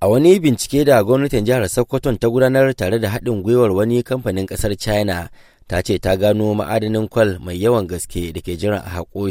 A wani bincike da gwamnatin jihar Sokoton ta gudanar tare da haɗin gwiwar wani kamfanin ƙasar China ta ce ta gano ma'adanin kwal mai yawan gaske da ke jiran a haƙo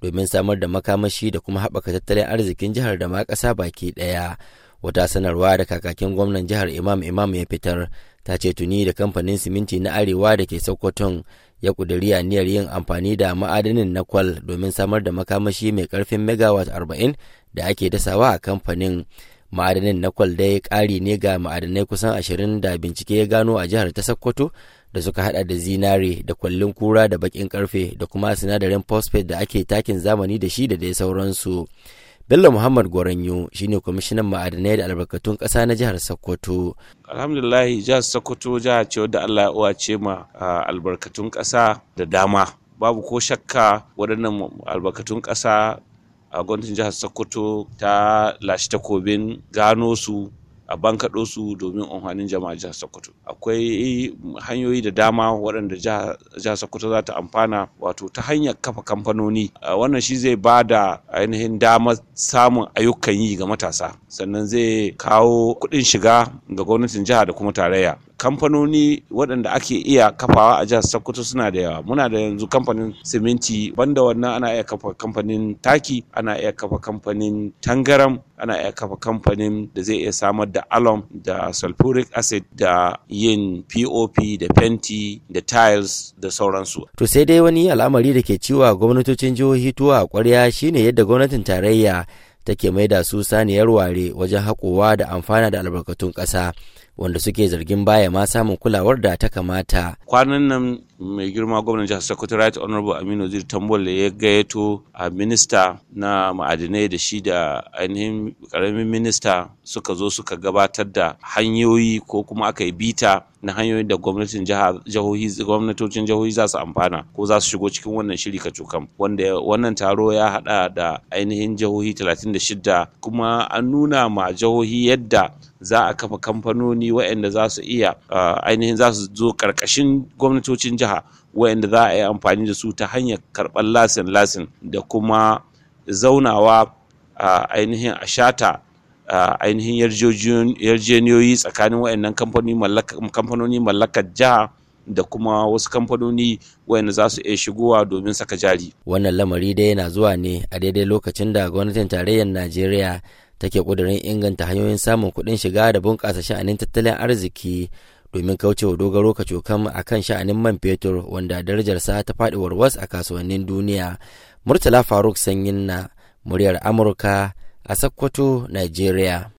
domin samar da makamashi da kuma haɓaka tattalin arzikin jihar da ma ƙasa baki ɗaya. Wata sanarwa da kakakin gwamnan jihar Imam Imam ya fitar ta ce tuni da kamfanin siminti na Arewa da ke Sokoton ya ƙudiri aniyar yin amfani da ma'adanin na kwal domin samar da makamashi mai ƙarfin megawatt arba'in da ake dasawa a kamfanin. ma'adanin na kwal ya ƙari ne ga ma'adanai kusan ashirin da bincike ya gano a jihar ta sokoto da suka hada da zinare da kwallin kura da bakin karfe da kuma sinadarin phosphate da ake takin zamani da shi da dai sauransu bello muhammad goranyo shine kwamishinan ma'adanai da albarkatun ƙasa na jihar sokoto alhamdulillah jihar sokoto jiha ce wadda allah ya uwa ce ma albarkatun ƙasa da dama babu ko shakka waɗannan albarkatun ƙasa a gwamnatin jihar sokoto ta lashe takobin gano su a bankaɗo su domin amfanin jama'a jihar sokoto akwai hanyoyi da dama waɗanda jihar sokoto za ta amfana wato ta hanyar kafa kamfanoni wannan shi zai ba da ainihin damar samun ayyukan yi ga matasa sannan zai kawo kuɗin shiga ga gwamnatin jiha da kuma tarayya kamfanoni waɗanda ake iya kafawa a jihar sokoto suna da yawa muna da yanzu kamfanin siminti banda wannan ana iya kafa kamfanin taki ana iya kafa kamfanin tangaram ana iya kafa kamfanin da zai iya samar da alum da sulfuric acid da yin pop da fenti da tiles da sauransu to sai dai wani al'amari da ke ciwa gwamnatocin jihohi tuwa a kwarya shine yadda gwamnatin tarayya take mai da su saniyar ware wajen haƙowa da amfana da albarkatun ƙasa wanda suke zargin baya ma samun kulawar da ta kamata. Kwanan nan mai girma gwamnan jihar Sokoto Right Honorable Aminu Zir Tambol ya gayyato a minista na ma'adinai da shi da ainihin karamin minista suka zo suka gabatar da hanyoyi ko kuma aka yi bita na hanyoyin da gwamnatin jihohi gwamnatocin jihohi za su amfana ko za su shigo cikin wannan shiri kacokan wanda wannan taro ya hada da ainihin jihohi 36 kuma an nuna ma jihohi yadda za a kafa kamfanoni waɗanda za su iya ainihin za su zo ƙarƙashin gwamnatocin jiha waɗanda za a yi amfani da su ta hanyar karɓar lasin lasin da kuma zaunawa ainihin a shata ainihin yarjejeniyoyi tsakanin waɗannan kamfanoni mallakar jiha da kuma wasu kamfanoni wa'inda za su iya shigowa domin saka jari. Wannan lamari dai yana zuwa ne a daidai lokacin da gwamnatin tarayyar Najeriya take ƙudurin inganta hanyoyin samun kuɗin shiga da bunƙasa sha'anin tattalin arziki domin kaucewa dogaro ka cokam a kan sha'anin man fetur wanda darajarsa ta faɗi warwas a kasuwannin duniya murtala faruk sanyin na muryar amurka a sakkwato nigeria